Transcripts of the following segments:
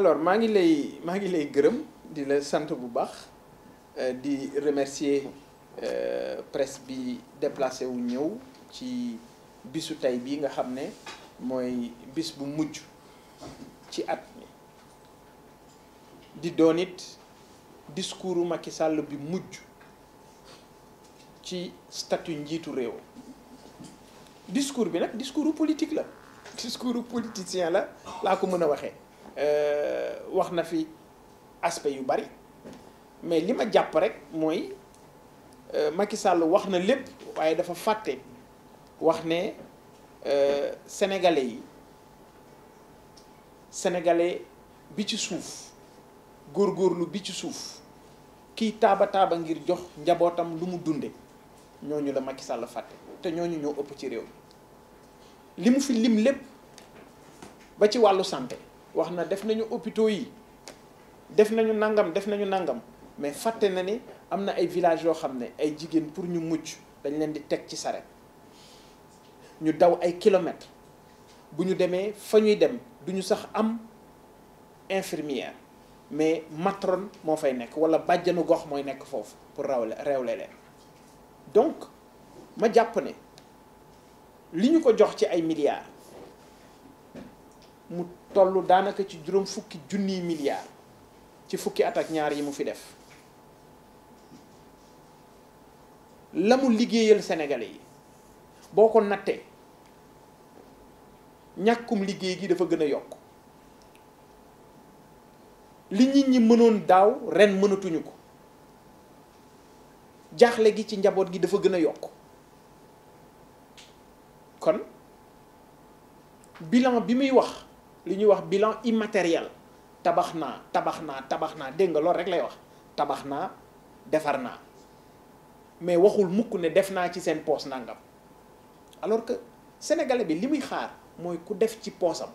alors maa ngi lay maa ngi lay gërëm di la sant bu baax euh, di remercier euh, presse bi déplacé wu ñëw ci bisu tey bii nga xam ne mooy bis bu mujj ci at mi di doon it discoursu Macky sàll bi mujj ci statut njiitu réew discours bi nag discoursu politique la discoursu politicien la laa ko mën a waxee Euh, wax na fi aspect yu bari mais li ma jàpp rek mooy euh, Macky Sall wax na lépp waaye dafa fàtte wax ne euh, sénégalais yi sénégalais bi ci suuf góor góorlu bi ci suuf kiy taaba taaba ngir jox njabootam lu mu dunde ñooñu la Macky Sall fàtte te ñooñu ñoo ëpp ci réew mi li mu fi lim lépp ba ci wàllu santé wax na def nañu hôpitaux yi def nañu nangam def nañu nangam mais fàtte na ni am na ay villages yoo xam ne ay jigéen pour ñu mucc dañ leen di teg ci saret ñu daw ay kilomètres bu ñu demee fa ñuy dem du ñu sax am infirmière mais matron moo fay nekk walla bàjjanu gox mooy nekk foofu pour rawle réewle leen donc ma jàpp ne li ñu ko jox ci ay milliards mu toll daanaka ci juróom fukki junniy milliards ci fukki at ak ñaar yi mu fi def la liggéeyal senegale yi boo ko nattee ñàkkum liggéey gi dafa gën a yokk li nit ñi mënoon daaw ren mënatuñu ko jaaxle gi ci njaboot gi dafa gën a yokk kon bilan bi muy wax li ñuy wax bilan immatériel tabax naa tabax naa tabax naa dégg nga loolu rek lay wax tabax naa defar naa mais waxul mukk ne def naa ci seen poos nangam alors que sénégalais bi li muy xaar mooy ku def ci poosam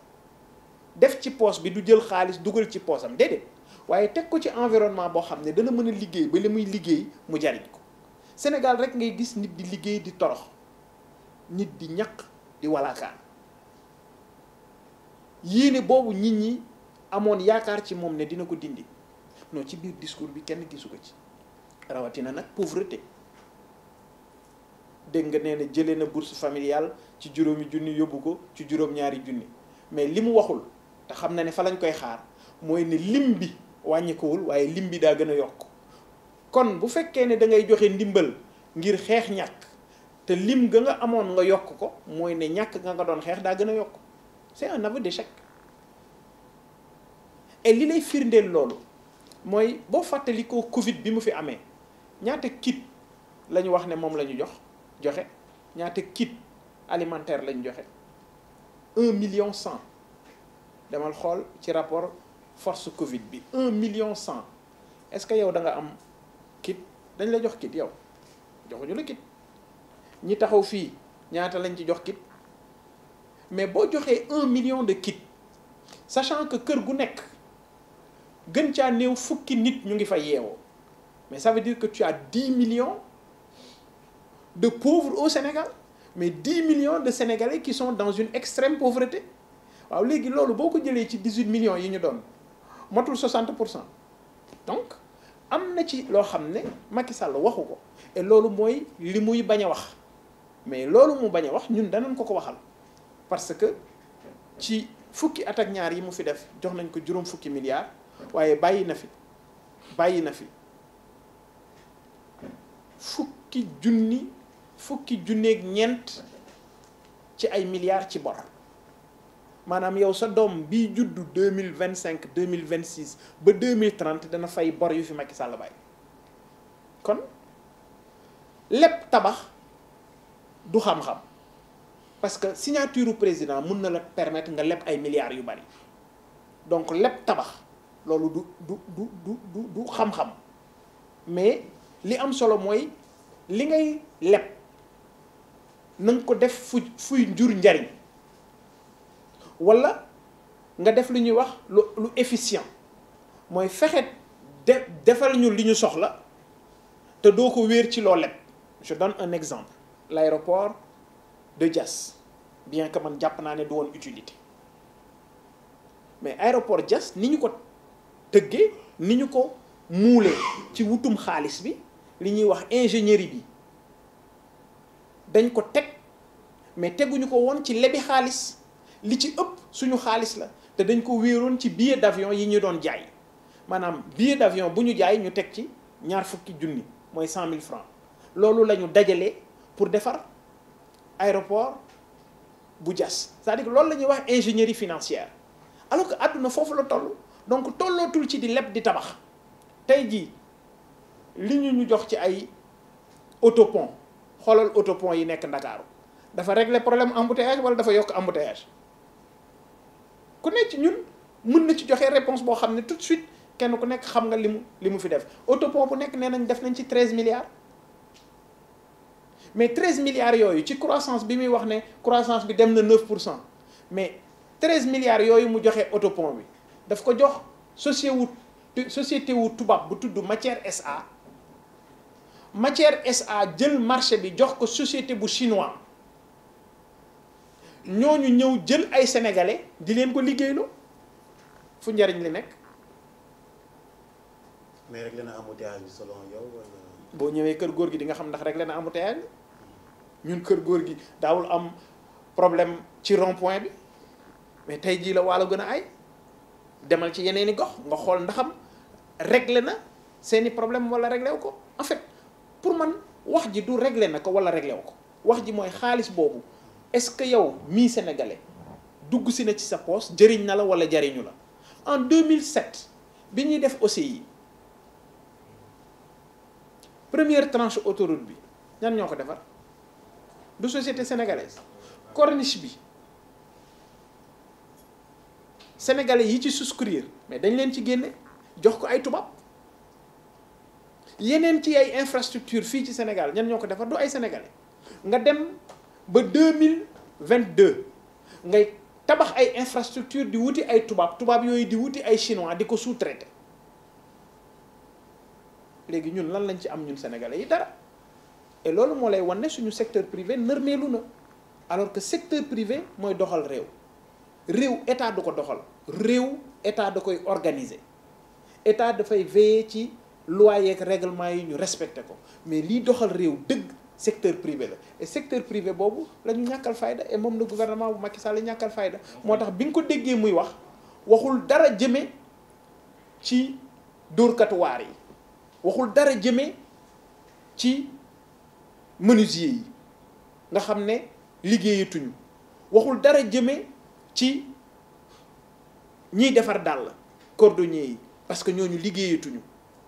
def ci poos bi du jël xaalis dugal ci poosam déedéet waaye teg ko ci environnement boo xam ne dana mën a liggéey ba li muy liggéey mu jariñ ko Sénégal rek ngay gis nit di liggéey di torox nit di ñaq di walaakaan yéene boobu nit ñi amoon yaakaar ci moom ne dina ko dindi non ci biir discours bi kenn gisu ko ci rawatina nag pauvreté dégg nga nee na jëlee na bourse familiale ci juróomi junni yóbbu ko ci juróom-ñaari junni mais li mu waxul te xam na ne fa lañ koy xaar mooy ne lim bi wàññikuwul waaye lim bi daa gën a yokk kon bu fekkee ne dangay joxe ndimbal ngir xeex ñàkk te lim ga nga amoon nga yokk ko mooy ne ñàkk nga nga doon xeex daa gën a yokk c'est un aveu d'échec et li lay firndeel loolu mooy boo fàttalikoo Covid bi mu fi amee ñaata kit la ñu wax ne moom la ñu jox joxe ñaata kit alimentaire la joxe un million cent demal xool ci rapport force Covid bi un million cent est-ce que yow da nga am kit dañ la jox kit yow joxuñu la kit ñi taxaw fii ñaata lañ ci jox kit mais boo joxee un million de kits sachant que kër gu nekk gën caa néew fukki nit ñu ngi fa yeewoo mais ça veut dire que tu dix millions de pauvres au Sénégal mais dix million de Sénégalais qui son dans une extrême pauvreté waaw léegi loolu boo ko jëlee ci dix huit million yi ñu doon motul soixante pour cent donc am na ci loo xam ne Macky waxu ko et loolu mooy li muy bañ a wax mais loolu mu bañ a wax ñun danañ ko ko waxal. parce que ci fukki at ak ñaar yi mu fi def jox nañ ko juróom fukki milliards waaye bàyyi na fi bàyyi na fi fukki junni fukki junneeg ñeent ci ay milliards ci bor maanaam yow sa doom bii juddu deux mille vingt cinq deux mille vingt six ba deux mille dana fay bor yu fi Macky Sall bàyyi kon lépp tabax du xam-xam. parce que signature président mun na la permettre nga leb ay milliards yu bari donc leb tabax loolu du du du du xam-xam mais li am solo mooy li ngay leb na ko def fu fuy njur njariñ walla nga def lu ñuy wax lu lu efficient mooy fexe de defal ñu li ñu soxla te doo ko wéer ci loo leb je donne un exemple l'aéroport de Diass bien que man jàpp naa ne du woon utilité mais aéroport Diass ni ñu ko tëggee ni ñu ko muulee ci wutum xaalis bi li ñuy wax ingénierie bi dañ ko teg mais teguñu ko woon ci lebi xaalis li ci ëpp suñu xaalis la te dañ ko wéeroon ci billet d'avion yi ñu doon jaay maanaam billet d'avion bu ñu jaay ñu teg ci ñaar fukki junni mooy cent mille francs loolu lañu ñu pour defar aéroport bu jas c'est-à-dire loolu la ñuy wax ingénierie financière alors que àdduna foofu la toll donc tollootul ci di leb di tabax tey jii li ñu ñu jox ci ay auto autopont xoolal autopont yi nekk Ndakaaru dafa régler problème embouteillage wala dafa yokk embouteillage ku nekk ñun mën na ci joxee réponse boo xam ne tout de suite kenn ku nekk xam nga li mu li mu fi def autopont bu nekk nee nañ def nañ ci treize milliards mais 13 milliards yooyu ci croissance bi muy wax ne croissance bi dem na 9 pour cent mais 13 milliards yooyu mu joxe autopont bi daf ko jox société wu société wu tubaab bu tudd Matière SA Matière SA jël marché bi jox ko société bu chinois ñooñu ñëw jël ay sénégalais di leen ko liggéeyloo fu njariñ li nekk. mais rek la na embouteillage bi selon yow. boo ñëwee kër góor gi di nga xam ndax rek la na embouteillage ñun kër góor gi daawul am problème ci rond point bi mais tey jii la waalo gën a ay demal ci yeneen i gox nga xool ndaxam réglé na seeni problème wala réglé ko en fait pour man wax ji du réglé na ko wala réglé wu ko wax ji mooy xaalis boobu est-ce que yow mii sénégalais dugg si na ci sa poche jëriñ na la wala jariñu la en 2007 bi ñuy def aussi première tranche autoroute bi ñan ñoo ko defar. du société sénégalaise corniche bi sénégalais yi ci souscrire mais dañ leen ci génne jox ko ay tubaab yeneen ci ay infrastructure fii ci Sénégal ñan ñoo ko defar du ay sénégalais nga dem ba deux mille vingt deux ngay tabax ay infrastructure di wuti ay tubaab tubaab yooyu di wuti ay chinois di ko sous-traité léegi ñun lan lañ ci am ñun sénégalais yi dara. et loolu moo lay wane suñu secteur privé nërmeelu na alors que secteur privé mooy doxal réew réew état du ko doxal réew état da koy organiser état dafay veiller ci loi yeeg règlement yi ñu respecté ko mais liy doxal réew dëgg secteur privé la secteur privé boobu lañu ñu ñàkkal fayda moom la gouvernement bu Macky Sall la ñàkkal fayda moo tax bi nga ko déggee muy wax waxul dara jëme ci dóorkatuwaar yi waxul dara jëme ci menuisier yi nga xam ne liggéeyatuñu waxul dara jëme ci ñiy defar dàll cordonnier yi parce que ñooñu liggéeyatuñu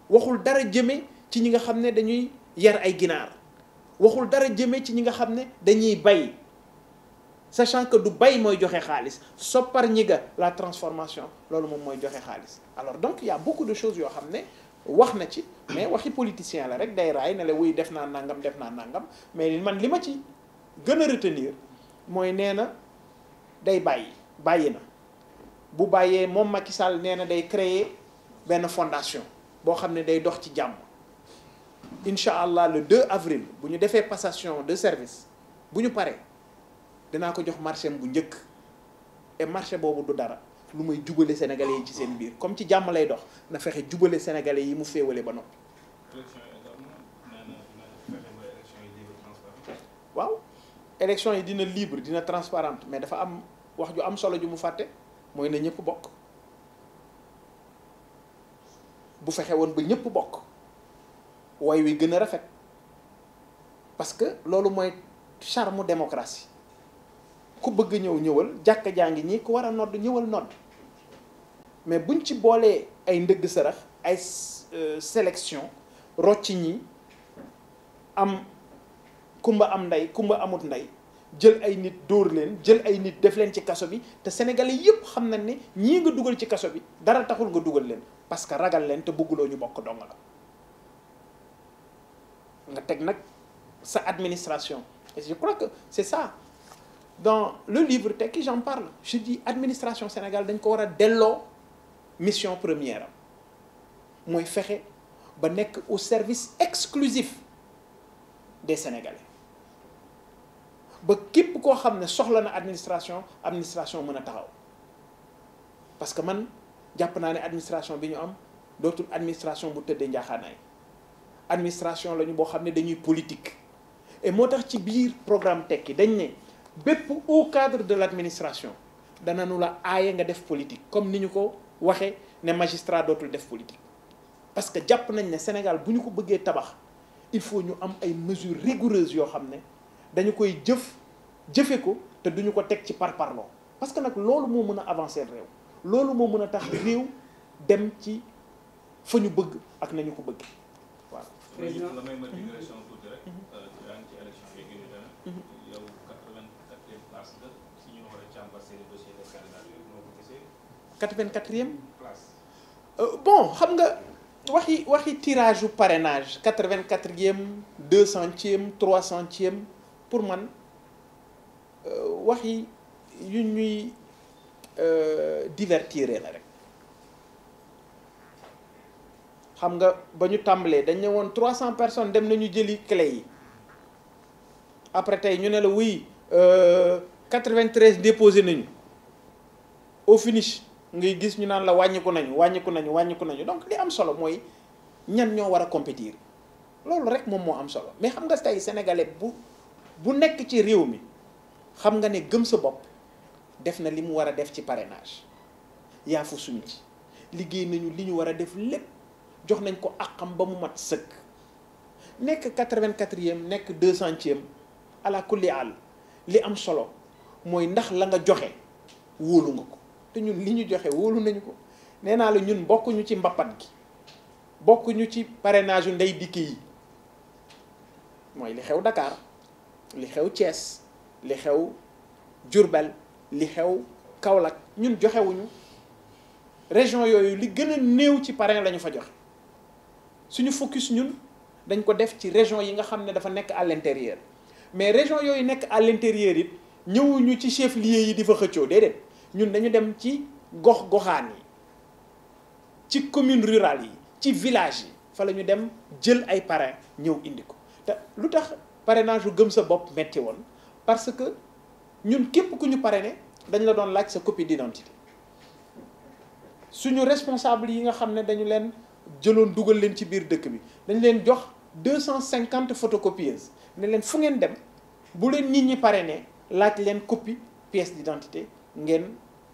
waxul dara jëme ci ñi nga xam ne dañuy yar ay ginaar waxul dara jëme ci ñi nga xam ne dañuy bay sa que du bay mooy joxe xaalis soppar ñi ga la transformation loolu moom mooy joxe xaalis alors donc il bokk a beaucoup de choses yoo xam ne wax na ci mais waxi politicien la rek day raay ne la wuy def naa nangam def naa nangam mais man li ma ci gën a retenir mooy nee na day bàyyi bàyyi na bu bàyyee moom Macky Sall nee na day créer benn fondation boo xam ne day dox ci jàmm incha allah le avril bu ñu defee passation de service bu ñu paree dinaa ko jox marché bu njëkk et marché boobu du dara lu muy jubale sénégalais yi ci seen biir comme ci jàmm lay dox na fexe jubale sénégalais yi mu féewale ba noppi. waaw élection yi dina libre dina transparente mais dafa am wax ju am solo ju mu fàtte mooy na ñëpp bokk bu fexe woon ba ñëpp bokk way wi gën a rafet parce que loolu mooy charme démocratie ku bëgg ñëw ñëwal jàkk jaa ngi nii ku war a nodd ñëwal nodd mais buñ ci boolee ay ndëgg sarax ay euh, sélection rocci ñi am kumba am ndey kumba amut ndey jël ay nit dóor leen jël ay nit def leen ci kaso bi te sénégalais yépp xam nañ ni ñii nga dugal ci kaso bi dara taxul nga dugal leen parce que ragal leen te bëgguloo ñu bokk dong la nga teg nag sa administration et je crois que c'est ça dans le livre Tekki j'en parle je di administration Sénégal dañ ko war a delloo mission première mooy fexe ba nekk au service exclusif des Sénégalais ba képp koo xam ne soxla na administration administration mën a taxaw parce que man jàpp naa ne administration bi ñu am dootul administration bu tëddee njaaxaanaay administration lañu boo xam ne dañuy politique et moo tax ci biir programme Tekki dañ ne bépp au cadre de l'administration nu la aaye nga def politique comme ni ñu ko waxee ne magistrat dootul def politique parce que jàpp nañ ne Sénégal bu ñu ko bëggee tabax il faut ñu am ay mesures rigoureuses yoo xam ne dañu koy jëf jëfe ko te duñu ko teg ci par parparloo parce que nag loolu moo mën a avancer réew loolu moo mën a tax réew dem ci fa ñu bëgg ak nañu ko bëgg waaw parce que si ñu war a càmbar seen dossier de candidat yooyu moo ko gisee. 84e place. Euh, bon xam pour man euh, waxi yu ñuy euh, divertir la rek. xam nga ba ñu tàmbalee dañ ne woon 300 personnes dem nañu jëli clé yi après tey ñu ne la wuy 93 déposé nañu au finish ngay gis ñu naan la wàññiku nañu wàññiku nañu wàññiku nañu donc li am solo mooy ñan ñoo war a compétir loolu rek moom moo am solo mais xam nga tey sénégalais bu bu nekk ci réew mi xam nga ne gëm sa bopp def na li mu war a def ci parenage yaa fu suñu ci liggéey nañu li ñu war a def lépp jox nañ ko xam ba mu mat sëkk nekk 84e nekk 200e ala kulli àll li am solo. mooy ndax la nga joxe wóolu nga ko te ñun li ñu joxe wóolu nañu ko nee naa la ñun bokkuñu ci mbappat gi bokkuñu ci parenage yu ndey dikki yi mooy li xew Dakar li xew cees li xew Diourbel li xew Kaolack ñun joxewuñu région yooyu li gën a néew ci parrain la ñu fa joxe suñu focus ñun dañ ko def ci région yi nga xam ne dafa nekk à mais région yooyu nekk à l'intérieur it ñëwuñu ci chef lieu yi di fa xëccoo déedéet ñun dañu dem ci gox goxaan yi ci commune rurale yi ci village yi fa la ñu dem jël ay parrain ñëw indi ko te lu tax pare yu gëm sa bopp metti woon parce que ñun képp ku ñu parrainé dañ la doon laaj sa copie d'identité suñu responsable yi nga xam ne dañu leen jëloon dugal leen ci biir dëkk bi dañ leen jox deux cent cinquante photocopieuses ne leen fu ngeen dem bu leen nit ñi ne laaj leen copie pièce d'identité ngeen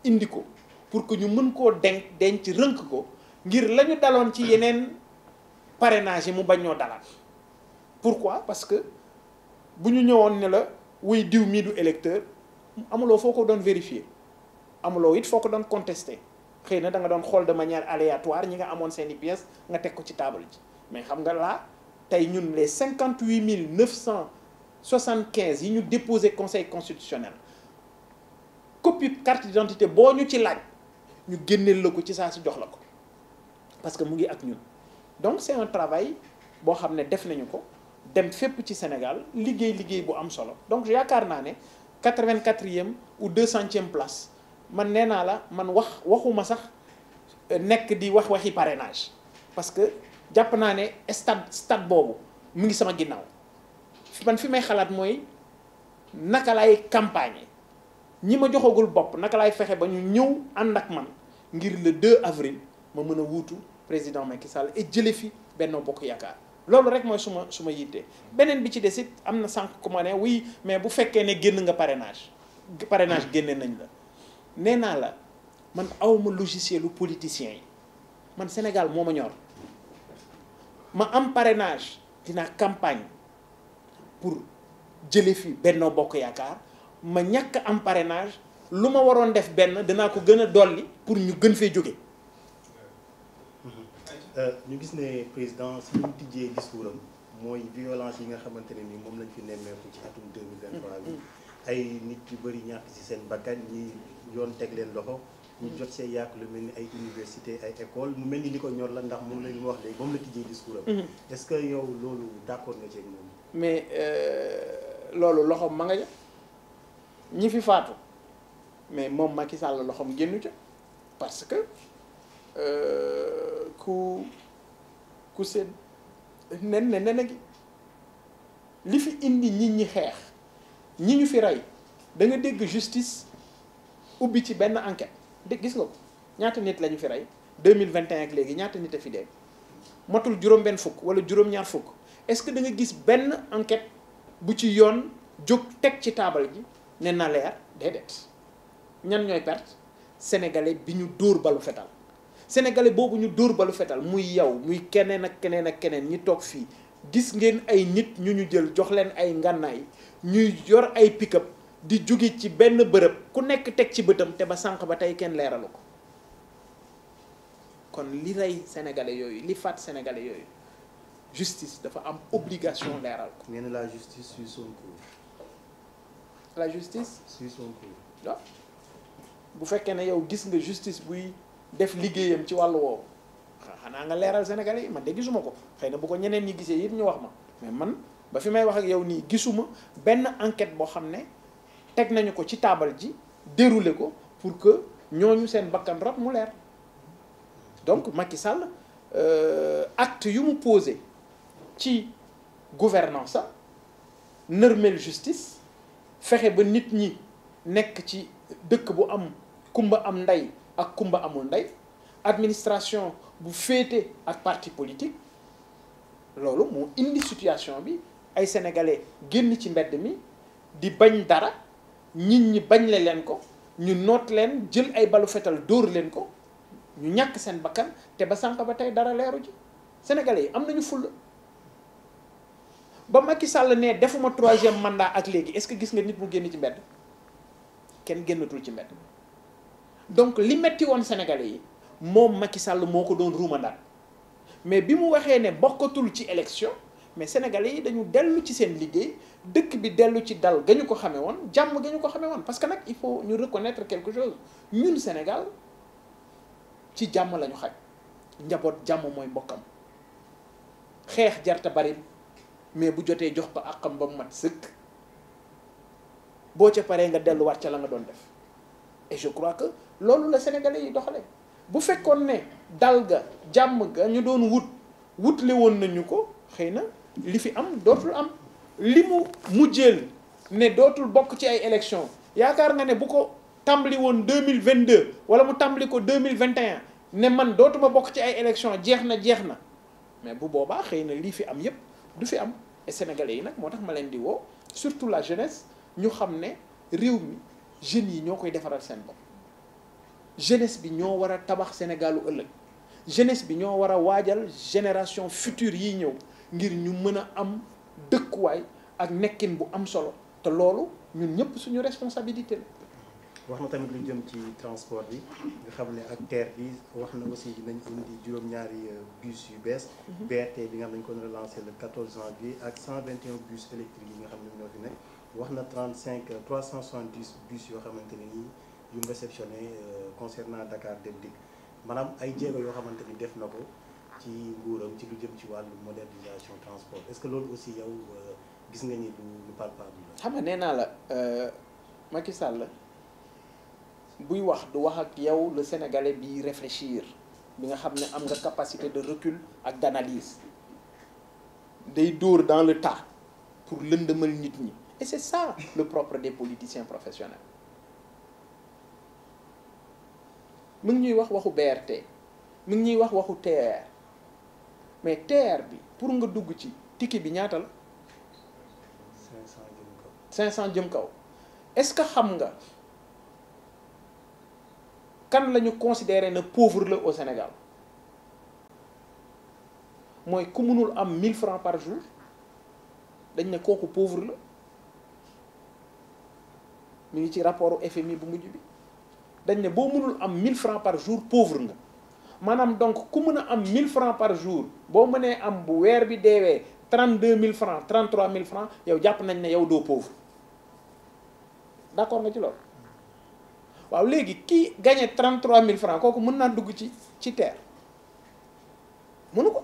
indi ko pour que ñu mën koo denc denc rënk ko ngir la ñu daloon ci yeneen parrainage yi mu bañ ñoo pour pourquoi parce que bu ñu ñëwoon ne la wuy diw mii du électeur amuloo foo ko doon vérifier amuloo it foo ko doon contester xëy na da nga doon xool de manière aléatoire ñi nga amoon seen i pièces nga teg ko ci table ji mais xam nga laa tey ñun les cinquante huit mille neuf cent 75 yi ñu déposé conseil constitutionnel copie carte d'identité boo ñu ci laaj ñu génneel la ko ci saa si jox la ko parce que mu ngi ak ñun donc c'est un boo xam ne def nañu ko dem fépp ci Sénégal liggéey liggéey bu am solo donc yaakaar naa ne 84e ou 200e place man nee naa la man wax waxuma sax nekk di wax waxi parrainage parce que jàpp naa ne stade stade boobu mu ngi sama ginnaaw. man fi may xalaat mooy naka lay campagne ñi ma joxagul bopp naka lay fexe ba ñu ñëw ànd ak man ngir la 2 avril ma mën a wutu président Macky Sall et jële fi Benno Bokk Yaakaar loolu rek mooy suma suma yitte beneen bi ci des it am na sànq ku ma ne oui mais bu fekkee ne génn nga parrainage parrainage génne nañ la nee naa la man awma logiciel lu politicien yi man Sénégal moo ma ñor ma am parrainage dinaa campagne pour jële fi Benno Bokk Yaakaar ma ñàkk am parrainage lu ma waroon def benn danaa ko gën a dolli pour ñu gën fee jóge euh, ñu gis ne président si ñu tijjee discours am mooy violence yi nga xamante ne ni moom lañ fi nemmeeku ci atum 2023 bi ay nit yu bëri ñàkk ci seen bakkan ñi yoon teg leen loxo ñu jot see yàq lu mel ni ay université ay école mu mel ni li ko ñor la ndax moom la ñu wax léegi moom la tijjee discours am mm-hmm. est-ce yow loolu d'accord mais euh, loolu loxoom ma nga ja ñi fi faatu mais moom Macky Sall loxoom génnu ca parce que euh, ku ku seen nen ne nen a ngi li fi indi nit ñi xeex ñi ñu fi rey da nga dégg justice ubbi ci benn enquête dé gis nga ko ñaata nit la ñu fi rey 2021 ak léegi ñaata nit a fi dee matul juróom-benn fukk wala juróom-ñaar fukk est-ce que da gis benn enquête bu ci yoon jóg teg ci taabal ji ne na leer déedéet ñan ñooy perte sénégalais bi ñu dóor balu fetal sénégalais boobu ñu dóor balu fetal muy yow muy keneen ak keneen ak keneen ñi toog fii gis ngeen ay nit ñu ñu jël jox leen ay ngànnaay ñuy yor ay pick-up di jóge ci benn bërëb ku nekk teg ci bëtam te ba sànq ba tey kenn leeralu ko kon li rey sénégalais yooyu li faat sénégalais yooyu justice dafa am obligation leeral ko. nee la justice suit la justice. suit son bu fekkee ne yow gis nga justice buy def liggéeyam ci wàllu woow xanaa nga leeral Sénégalais yi man de gisuma ko xëy na bu ko ñeneen ñi gisee yëpp ñu wax ma mais man ba fi may wax ak yow nii gisuma benn enquête boo xam ne teg nañu ko ci taabal ji déroulé ko pour que ñooñu seen bakkan rab mu leer donc Macky sàll euh, acte yu mu posé. ci gouvernance a nërmel justice fexe ba nit ñi nekk ci dëkk bu am kumba am ndey ak kumba amul ndey administration bu féete ak parti politique loolu moo indi situation bi ay sénégalais génn ci mbedd mi di bañ dara nit ñi bañ le leen ko ñu noot leen jël ay balu fetal dóor leen ko ñu ñàkk seen bakkan te ba sànq ba tey dara leeru ji sénégalais yi am nañu fulla ba Macky Sall ne defuma troisième mandat ak léegi est-ce que gis nga nit mu génn ci mbedd kenn génnatul ci mbedd donc li metti woon Sénégalais yi moom Macky Sall moo ko doon ruumandaat mais bi mu waxee ne bokkatul ci élection mais Sénégalais yi dañu dellu ci seen liggéey dëkk bi dellu ci dal ga ñu ko xamee woon jàmm ga ñu ko xamee woon parce que nag il faut ñu reconnaître quelque chose ñun Sénégal ci jàmm la ñu xaj njaboot jàmm mooy mbokkam xeex jarta bari mais bu jotee jox ko àqam ba mu mat sëkk boo ca paree nga delluwaat ca la nga doon def et je crois que loolu la sénégalais yi doxalee bu fekkoon ne dal ga jàmm ga ñu doon wut wutle woon nañu ko xëy na li fi am dootul am li mu mujjeel ne dootul bokk ci ay élection yaakaar nga ne bu ko tàmbali woon deux mille vingt deux wala mu tàmbali ko deux mille vingt et ne man dootuma bokk ci ay élection jeex na jeex na mais bu boobaa xëy na lii fi am yépp du fi am et yi nag moo tax ma leen di wo surtout la jeunesse ñu xam ne réew mi jeunes yi ñoo koy defaral seen bopp jeunesse bi ñoo war a tabax Sénégalu ëllëg jeunesse bi ñoo war a waajal génération future yi ñëw ngir ñu mën a am dëkkuwaay ak nekkin bu am solo te loolu ñun ñëpp suñu responsabilité wax na tamit lu jëm ci transport bi xam ne ak TER bi wax na aussi nañ indi juróom-ñaari euh, bus yu bees. Mhm. BRT bi nga xam ne dañ ko relancé le 14 janvier ak 121 bus électriques yi nga xam ne ñoo fi nekk wax na 35 370 euh, bus yoo xamante ne nii yu mu réceptionné euh, concernant Dakar Dem Dikk maanaam ay jéego yoo xamante ni def na ko ci nguuram ci lu jëm ci wàllu modernisation transport est-ce que loolu aussi yow gis nga ni lu lu palpable la. xam nga nee naa la Macky Sall. buy wax du wax ak yow le sénégalais bi réfléchir bi nga xam ne am nga capacité de recul ak d'analyse day dóor dans le tas pour lëndëmal nit ñi et c'est ça le propre des politiciens professionnels mu ngi ñuy wax waxu BRT mu ngi ñuy wax waxu TER mais TER bi pour nga dugg ci ticket bi ñaata la. 500 jëm jëm kaw est-ce que xam nga. kan lañu ñu considéré ne pauvre la au Sénégal mooy ku mënul am mille francs par jour dañ ne kooku pauvre la mu ngi ci rapport FMI bu mujj bi dañ ne boo mënul am mille francs par jour pauvre nga maanaam donc ku mën a am mille francs par jour boo mënee am bu weer bi deewee 32000 francs 33000 francs yow jàpp nañ ne yow doo pauvre d'accord nga ci waaw léegi kii gagné mille francs kooku mën naa dugg ci ci terre mënu ko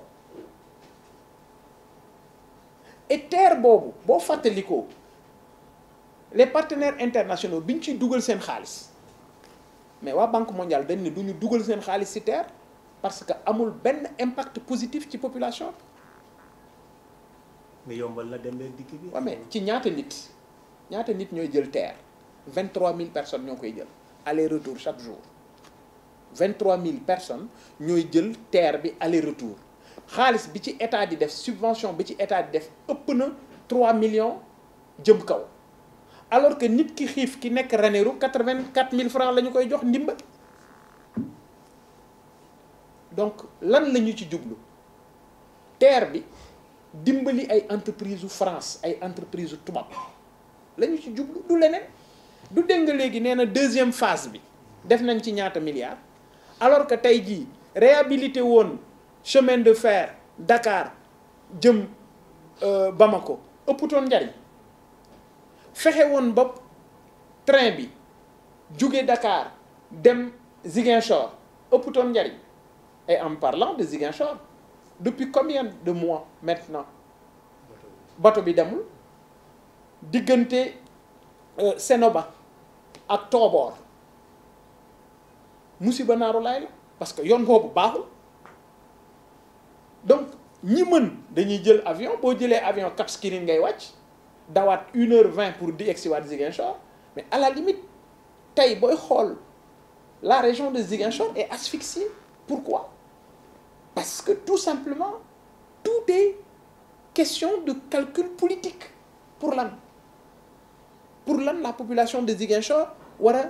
et terre boobu boo fàttalikoo les partenaires internationaux bi ñu ciy dugal seen xaalis mais waa banque mondiale dañ ne du ñu dugal seen xaalis ci terre parce que amul benn impact positif ci population bi. yombal na dem leen dikk bi. waaw mais ci ñaata nit ñaata nit ñooy jël terre mille personnes ñoo koy jël. aller-retour chaque jour mille personnes ñooy jël TER bi aller-retour xaalis bi ci état di def subvention bi ci état di def ëpp na 3 millions jëm kaw alors que nit ki xiif ki nekk Ranérou 84000 francs la ñu koy jox ndimbal donc lan la ñu ci jublu TER bi dimbali ay entreprise u France ay entreprise u tubaab la ñu ci jublu du leneen du dégg nga léegi nee na deuxième phase bi def nañ ci ñaata milliards alors que tey jii réhabilité woon chemin de fer dakaar jëm euh, Bamako ëpputoon njariñ fexe woon bopp train bi jóge dakaar dem Ziguinchor ëpputoon njariñ ay en parlant de Ziguinchor depuis combien de mois maintenant bato bi demul diggante euh, Sénoba ak tooboor musiba naaru laay la parce que yoon boobu baaxul donc ñi mën dañuy jël avion boo jëlee avion Cap Skirring ngay wàcc dawaat une heure vingt pour di egsi waat Ziguinchor mais à la limite tey booy xool la région de Ziguinchor est asphyxiée pourquoi parce que tout simplement tout est question de calcul politique pour l'an pour l'an la population de Ziguinchor war a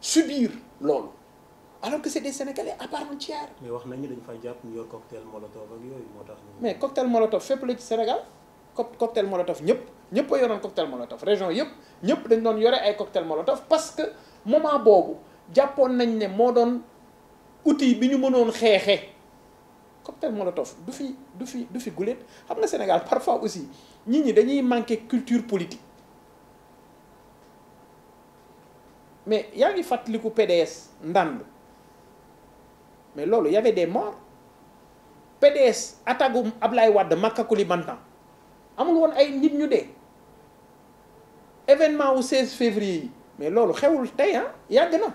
subir loolu alors que se des sénégalais à part entière. mais wax nañu dañ fay jàpp ñu yor cocktail molotov ak yooyu moo tax. mais cocktail molotov fépp la ci Sénégal cock cocktail molotov ñëpp ñëpp a yoroon cocktail molotov région yëpp ñëpp dañ doon yore ay cocktail molotov parce que moment boobu jàppoon nañ ne moo doon outil bi ñu mënoon xeexee cocktail molotov du fi du fi du fi guléet xam na Sénégal parfois aussi nit ñi dañuy manquer culture politique. mais yaa ngi fàttaliku PDS ndànd mais loolu y avait des morts PDS attaque gu Ablaye Wade Makakuli Bantan amul woon ay nit ñu de événement wu 16 février yi mais loolu xewul tey ah yàgg na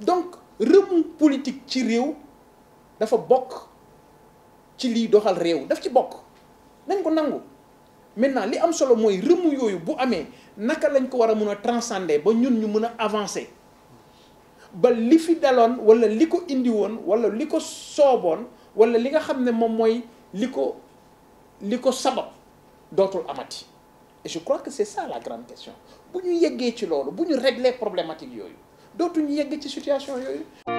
donc remous politique ci réew dafa bokk ci liy doxal réew daf ci bokk nañ ko nangu. maintenant li am solo mooy rëmm yooyu bu amee naka lañ ko war a mun a transcender ba ñun ñu mën a avancé ba li fi daloon wala li ko indi woon wala li ko sooboon wala li nga xam ne moom mooy li ko li ko sabab dootul amati et je crois que c'est ça la grande question bu ñu yeggee ci loolu bu ñu régler problématique yooyu dootuñu yegg ci situation yooyu